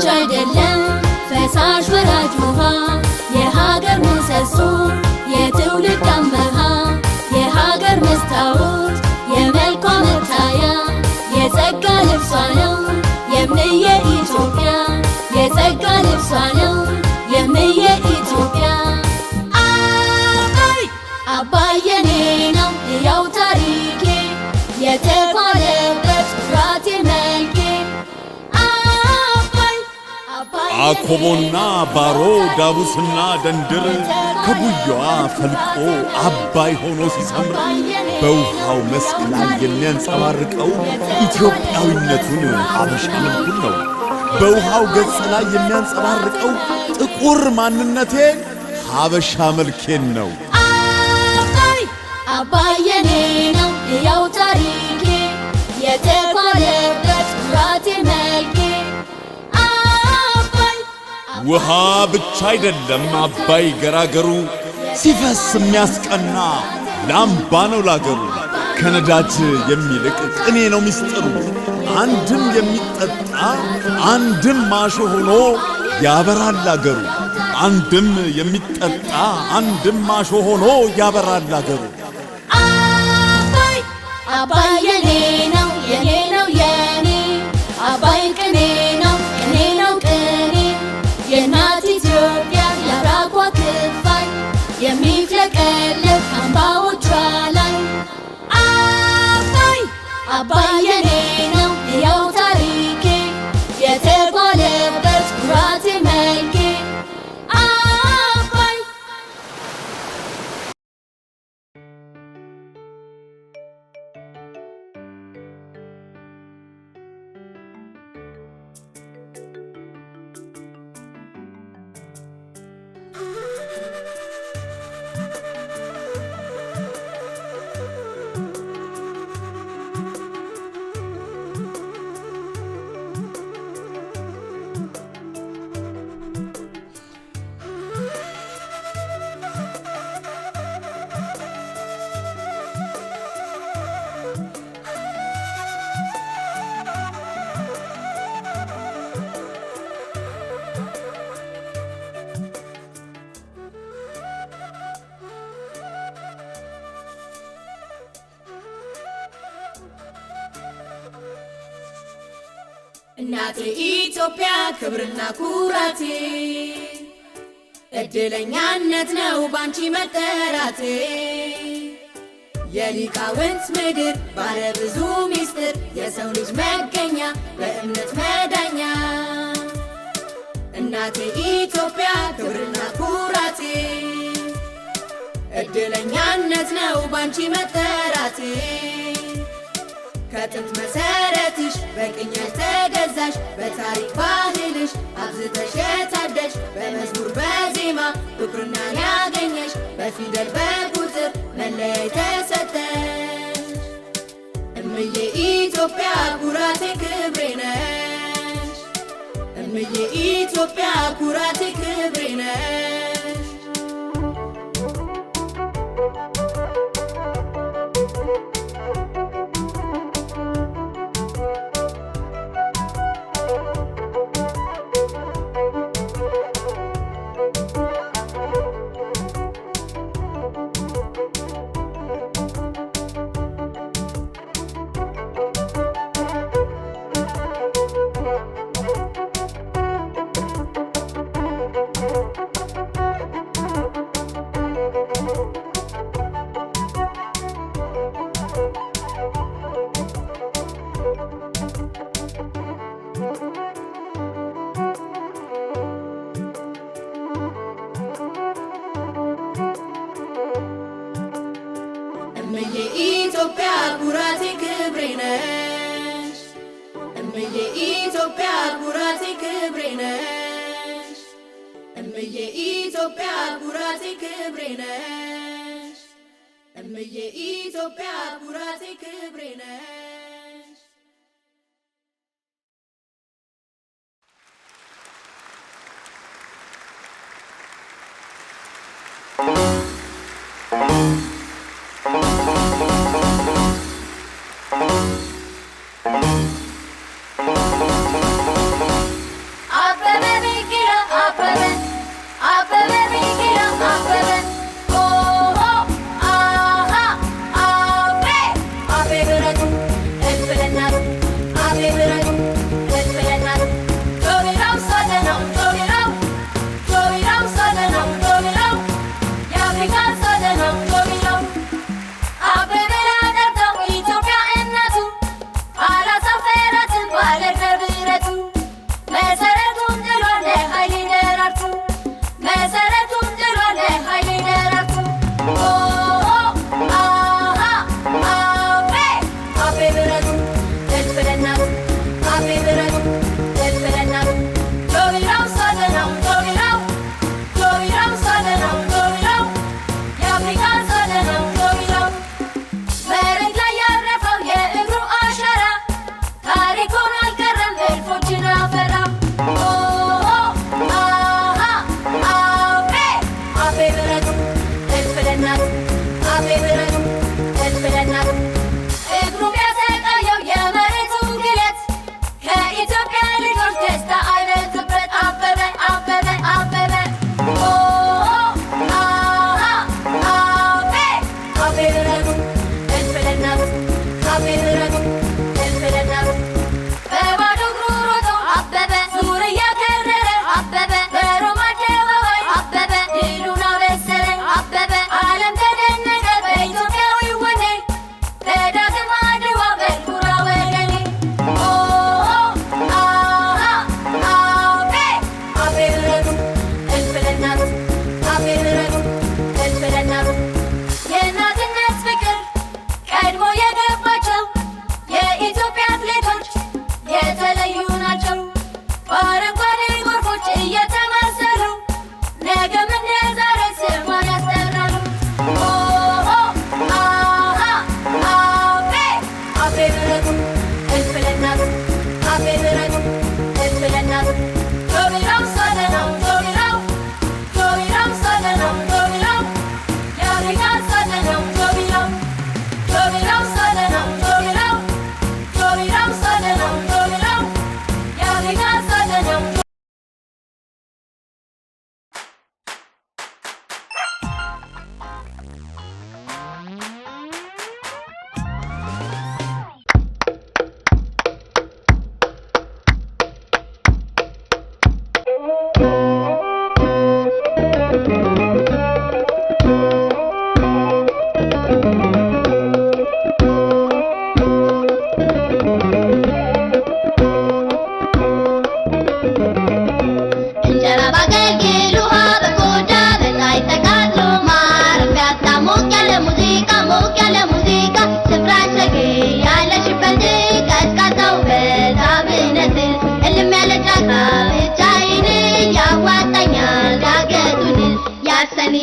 ምንጭ አይደለም ፈሳሽ ወራጅ ውሃ የሀገር ምሰሶ የትውልድ አመሃ የሀገር መስታወት የመልኳ መታያ የጸጋ ልብሷ ነው የምንየ ኢትዮጵያ የጸጋ ልብሷ ነው አኮቦና ባሮ ዳቡስና ደንድር ከጉያዋ ፈልቆ አባይ ሆኖ ሲሰምር በውሃው መስክ ላይ የሚያንጸባርቀው ኢትዮጵያዊነቱን ሀበሻ መልኩን ነው። በውሃው ገጽ ላይ የሚያንጸባርቀው ጥቁር ማንነቴ ሀበሻ መልኬን ነው። አባይ አባይ የኔ ነው ያው ውሃ ብቻ አይደለም አባይ ገራገሩ ሲፈስ የሚያስቀና ላምባ ነው ላገሩ። ከነዳጅ የሚልቅ ቅኔ ነው ሚስጥሩ አንድም የሚጠጣ አንድም ማሾ ሆኖ ያበራል ላገሩ አንድም የሚጠጣ አንድም ማሾ ሆኖ ያበራል ላገሩ። አባይ አባይ abaianeirão e ao እናቴ ኢትዮጵያ ክብርና ኩራቴ እድለኛነት ነው ባንቺ መጠራቴ የሊቃውንት ምድር ባለ ብዙ ሚስጥር የሰው ልጅ መገኛ በእምነት መዳኛ እናቴ ኢትዮጵያ ክብርና ኩራቴ እድለኛነት ነው ባንቺ መጠራቴ ከጥንት መሰረትሽ በቅኝ ተገዛሽ በታሪክ ባህልሽ አብዝተሽ የታደሽ በመዝሙር በዜማ ፍቅርና ያገኘሽ በፊደል በቁጥር መለያ የተሰጠሽ እምዬ ኢትዮጵያ ኩራቴ ክብሬ ነሽ እምዬ ኢትዮጵያ ኩራቴ እምዬ ኢትዮጵያ ኩራቴ ክብሬ ነሽ እምዬ ኢትዮጵያ ኩራቴ ክብሬ ነሽ እምዬ ኢትዮጵያ ኩራቴ ክብሬ ነሽ እምዬ ኢትዮጵያ ኩራቴ ክብሬ ነሽ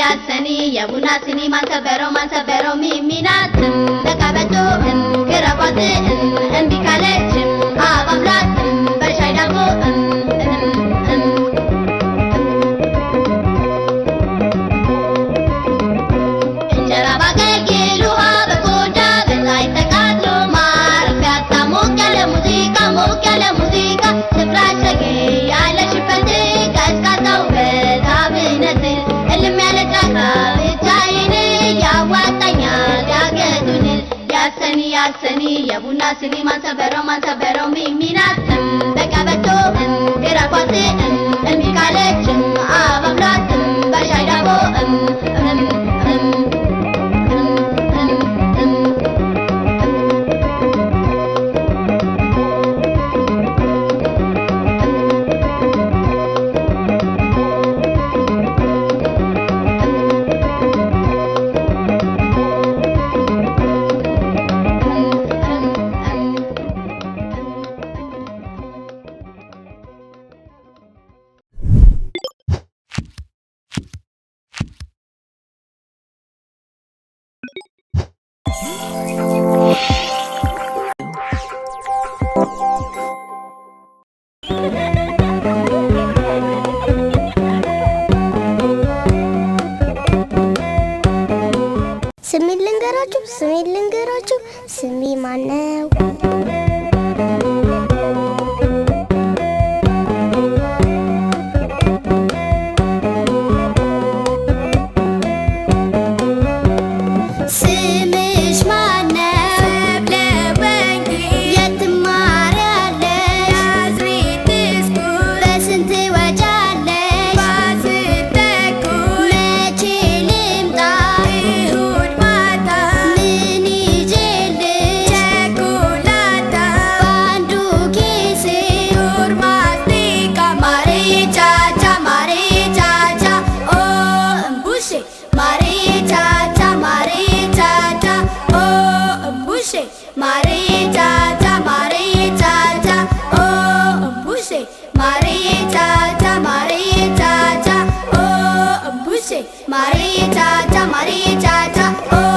ያሰኒ የቡና ስኒ ማንሰበረው ማንሰበረው ሚሚናትን ለቀበቶ እንግረፏት እንዲ ዳክሰኒ የቡና ስኒ ማንሰበረው ማንሰበረው ሚሚናት በቃበቶ በቶ ስሜ ልንገራችሁ። ስሜ ማነው? Maria Chacha, Maria Chacha, oh.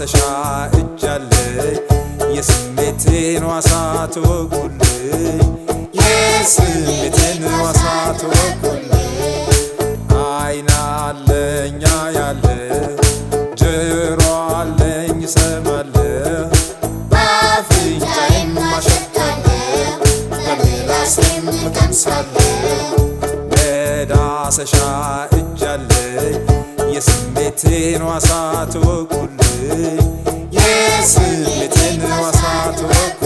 ማፍሰሻ እጃለኝ የስሜቴን ዋሳ ትወጉልኝ የስሜቴን ዋሳ ትወጉልኝ አይና አለኛ ያለ ጆሮ አለኝ ይሰማል ባፍንጫዬም ማሸታለሁ በምላሴም ቀምሳለሁ መዳሰሻ የስሜቴን ዋሳ ትወቁልኝ፣ የስሜቴን ዋሳ ትወቁልኝ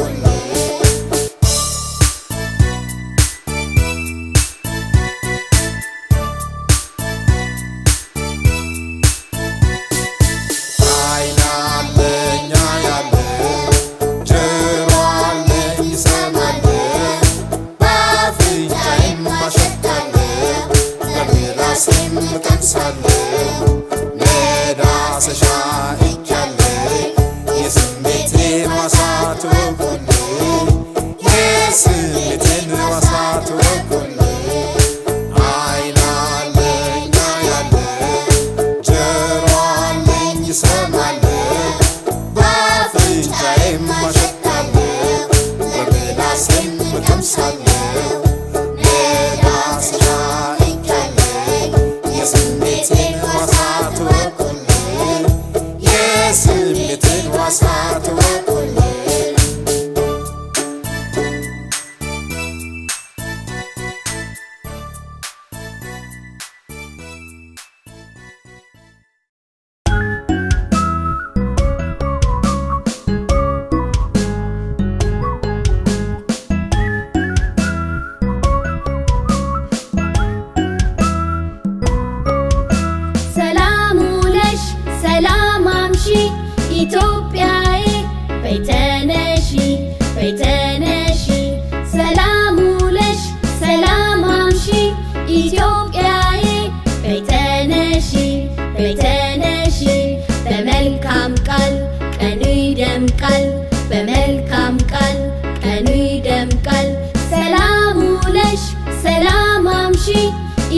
ነሽ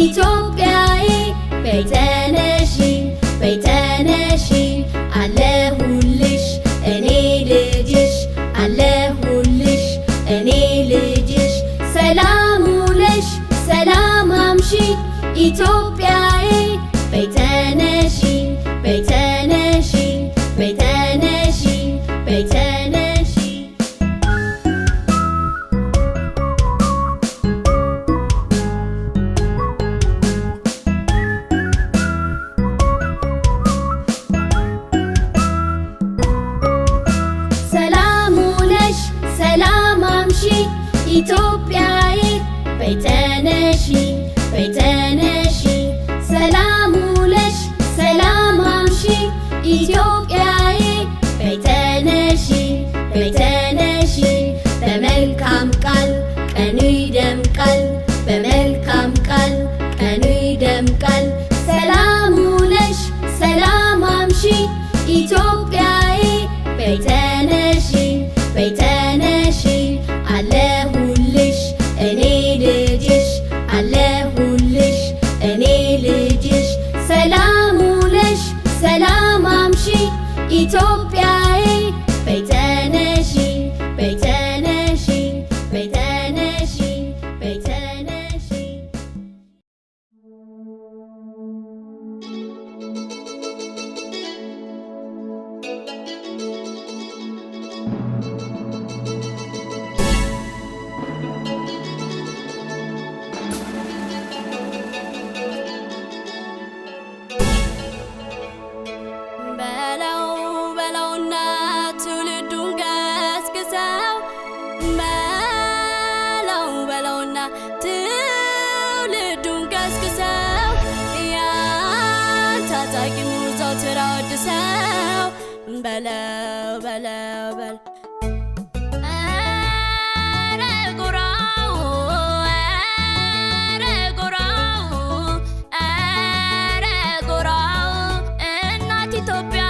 ኢትዮጵያዬ ቤተነ በለው በለው በለው ኧረ ጎራው ኧረ ጎራው ኧረ ጎራው እናት ኢትዮጵያ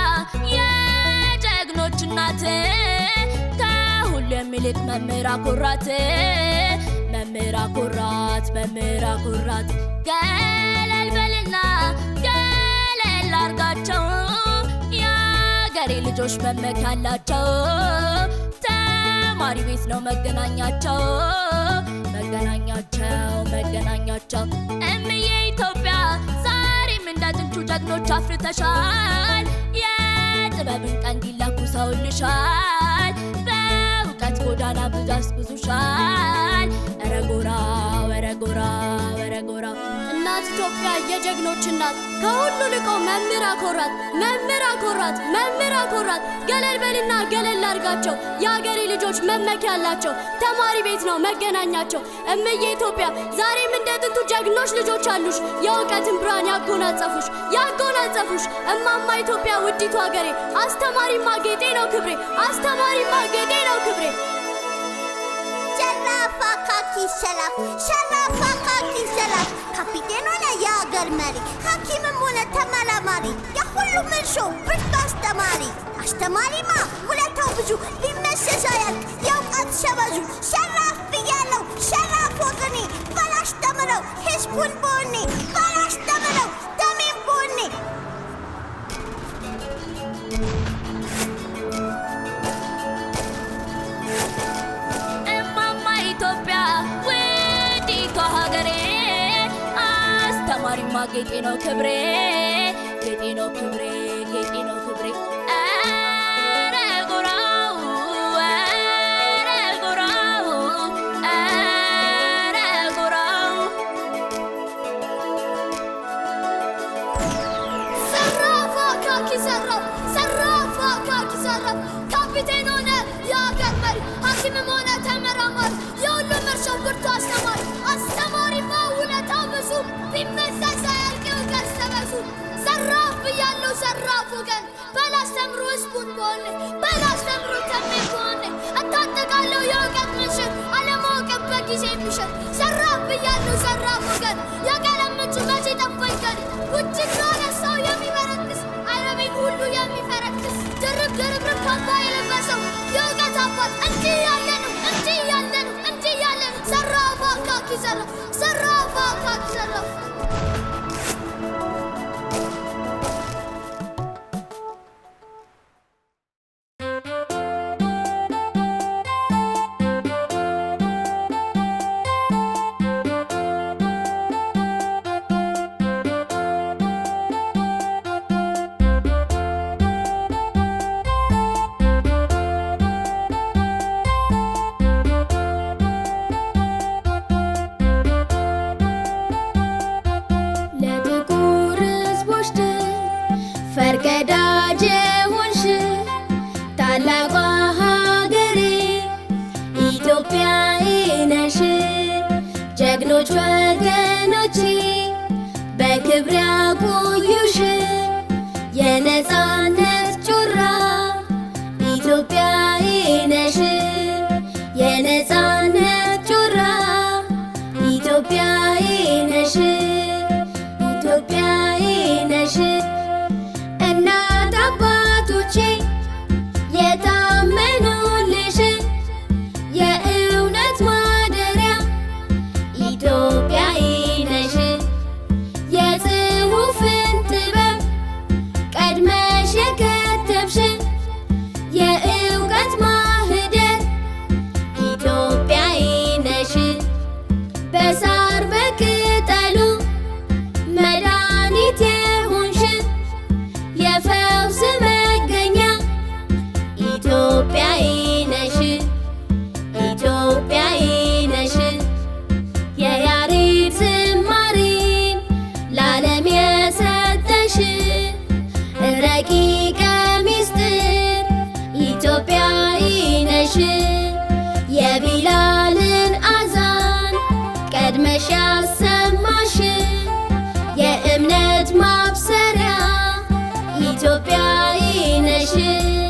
የጀግኖች እናት መምህር ገለል በልና ገለል አርጋቸው የሀገሬ ልጆች መመኪያ አላቸው። ተማሪ ቤት ነው መገናኛቸው መገናኛቸው መገናኛቸው እምዬ ኢትዮጵያ ዛሬም እንደ ጥንቱ ጀግኖች አፍርተሻል። የጥበብን ቀንዲል አኩሰውልሻል። በእውቀት ጎዳና ብዙ አስጉዙሻል። እረ ጎራ በረጎራ በረጎራ እናት ኢትዮጵያ የጀግኖች እናት ከሁሉ ልቆ መምህር አኮራት መምህር አኮራት መምህር አኮራት ገለል በልና ገለል አድርጋቸው የአገሬ ልጆች መመኪያ አላቸው ተማሪ ቤት ነው መገናኛቸው እምዬ ኢትዮጵያ ዛሬም እንደ ጥንቱ ጀግኖች ልጆች አሉሽ የእውቀትን ብርሃን ያጎናጸፉሽ ያጎናጸፉሽ እማማ ኢትዮጵያ ውዲቱ አገሬ አስተማሪማ ጌጤ ነው ክብሬ አስተማሪማ ጌጤ ነው ክብሬ Şafak şelaf, şelaf şelaf ካፒቴን ሆነ የአገር መሪ፣ ሐኪምም ሆነ ተመራማሪ፣ የሁሉም እርሾ ብርቱ አስተማሪ። አስተማሪማ ውለታው ብዙ ቢመሸሽ አያልቅ የእውቀት ሸበዙ። ሸራፍ ብያለው ሸራፍ ወገኔ፣ ባላስተምረው ህዝቡን በሆኔ ባላስተምረው ጌጤ ነው ክብሬ ጌጤ ነው ክብሬ ወገን በላስተምሮ ህዝቡን በሆነ በላስተምሮ ተሜ በሆነ የእውቀት ምሽግ አለማወቅን በጊዜ የሚሸግ ዘራፍ ብያለሁ ዘራፍ ወገን የቀለም ምንጩ መቼ ጠፋኝ ቀን ውጭ የሚፈረክስ ዓለሜን ሁሉ የሚፈረክስ ድርብ ድርብርብ ካባ የለበሰው የእውቀት አባት እንጂ ያለ እንጂ ያለ እንጂ ያለ ነው ዘራፍ አካኪ ዘራፍ ዘራፍ አካኪ 是。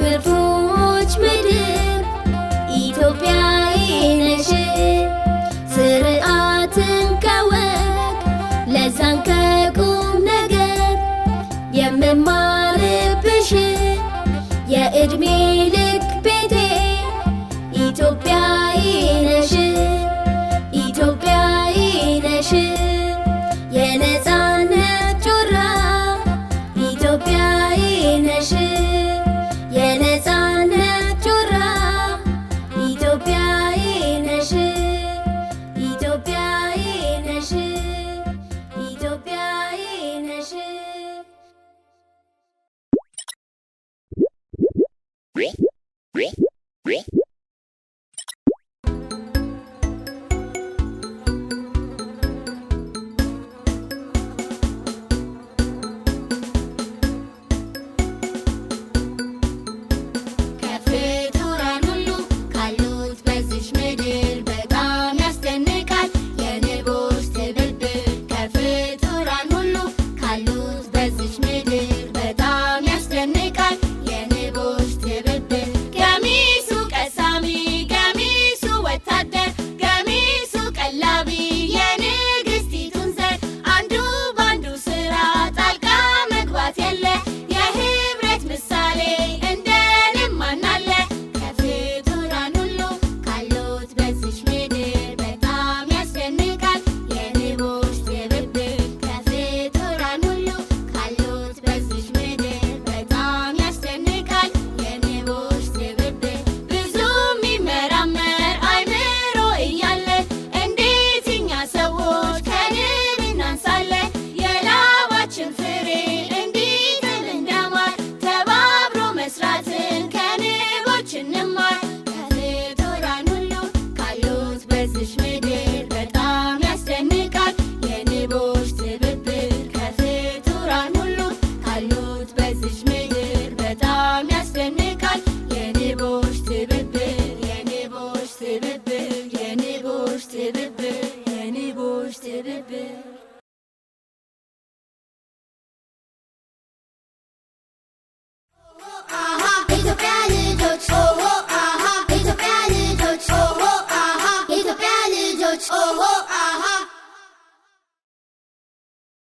በብርቶች ምድር ኢትዮጵያ ነሽ ስርዓትን ከወግ ለዛን ከቁም ነገር የምማ